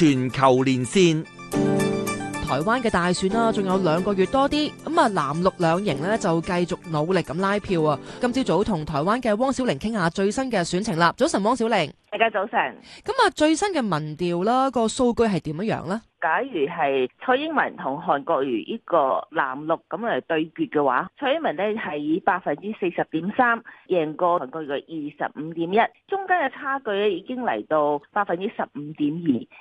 全球連線，台灣嘅大選啦，仲有兩個月多啲，咁啊，藍綠兩營咧就繼續努力咁拉票啊！今朝早同台灣嘅汪小玲傾下最新嘅選情啦。早晨，汪小玲，大家早晨安。咁啊，最新嘅民調啦，個數據係點樣呢？假如係蔡英文同韓國瑜呢個藍綠咁嚟對決嘅話，蔡英文呢係以百分之四十點三贏過韓國瑜嘅二十五點一，中間嘅差距咧已經嚟到百分之十五點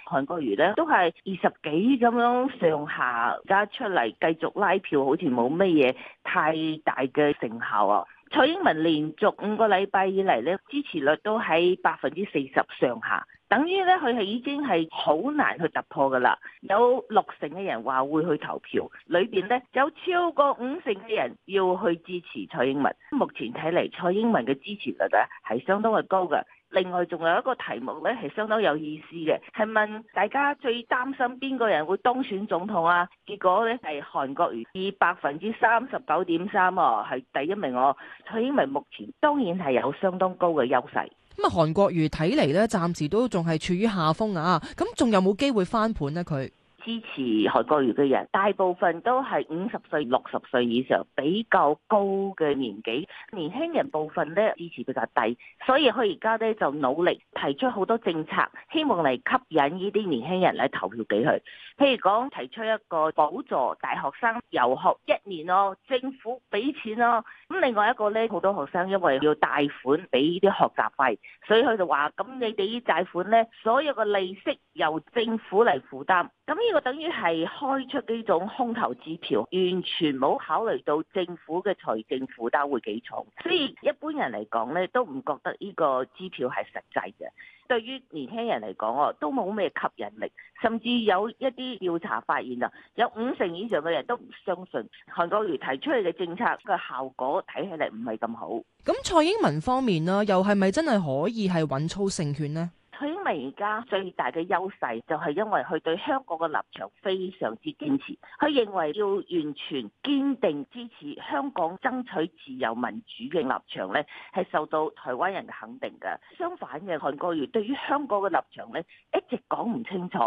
二。韓國瑜呢都係二十幾咁樣上下，而家出嚟，繼續拉票，好似冇乜嘢太大嘅成效啊！蔡英文連續五個禮拜以嚟呢，支持率都喺百分之四十上下。等於咧，佢係已經係好難去突破噶啦。有六成嘅人話會去投票，裏邊咧有超過五成嘅人要去支持蔡英文。目前睇嚟，蔡英文嘅支持率咧係相當係高嘅。另外仲有一個題目咧係相當有意思嘅，係問大家最擔心邊個人會當選總統啊？結果咧係韓國瑜以百分之三十九點三，係第一名哦。蔡英文目前當然係有相當高嘅優勢。咁啊，韓國瑜睇嚟咧，暫時都仲係處於下風啊，咁仲有冇機會翻盤咧？佢？支持韓國瑜嘅人大部分都係五十歲六十歲以上比較高嘅年紀，年輕人部分咧支持比較低，所以佢而家咧就努力提出好多政策，希望嚟吸引呢啲年輕人嚟投票俾佢。譬如講，提出一個補助大學生遊學一年咯，政府俾錢咯。咁另外一個咧，好多學生因為要貸款俾呢啲學習費，所以佢就話，咁你哋啲債款咧，所有嘅利息由政府嚟負擔。咁呢個等於係開出呢種空頭支票，完全冇考慮到政府嘅財政負擔會幾重，所以一般人嚟講呢都唔覺得呢個支票係實際嘅。對於年輕人嚟講，都冇咩吸引力，甚至有一啲調查發現啊，有五成以上嘅人都唔相信韓國瑜提出嚟嘅政策嘅效果，睇起嚟唔係咁好。咁蔡英文方面咧，又係咪真係可以係穩操勝券呢？而家最大嘅優勢就係因為佢對香港嘅立場非常之堅持，佢認為要完全堅定支持香港爭取自由民主嘅立場咧，係受到台灣人嘅肯定嘅。相反嘅韓國瑜對於香港嘅立場咧，一直講唔清楚，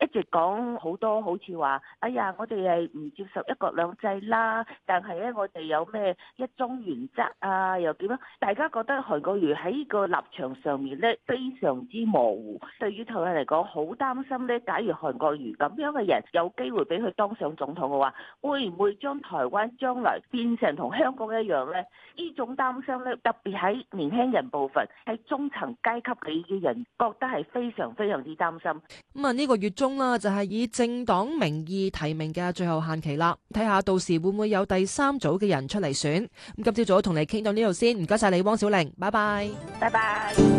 一直講好多好似話哎呀，我哋係唔接受一國兩制啦，但係咧，我哋有咩一中原則啊，又點樣？大家覺得韓國瑜喺呢個立場上面咧，非常之模糊。對於台灣嚟講，好擔心呢。假如韓國瑜咁樣嘅人有機會俾佢當上總統嘅話，會唔會將台灣將來變成同香港一樣呢？呢種擔心呢，特別喺年輕人部分，喺中層階級嘅嘅人覺得係非常非常之擔心。咁啊，呢個月中啦，啊，就係、是、以政黨名義提名嘅最後限期啦，睇下到時會唔會有第三組嘅人出嚟選。咁今朝早同你傾到呢度先，唔該晒你，汪小玲，拜拜，拜拜。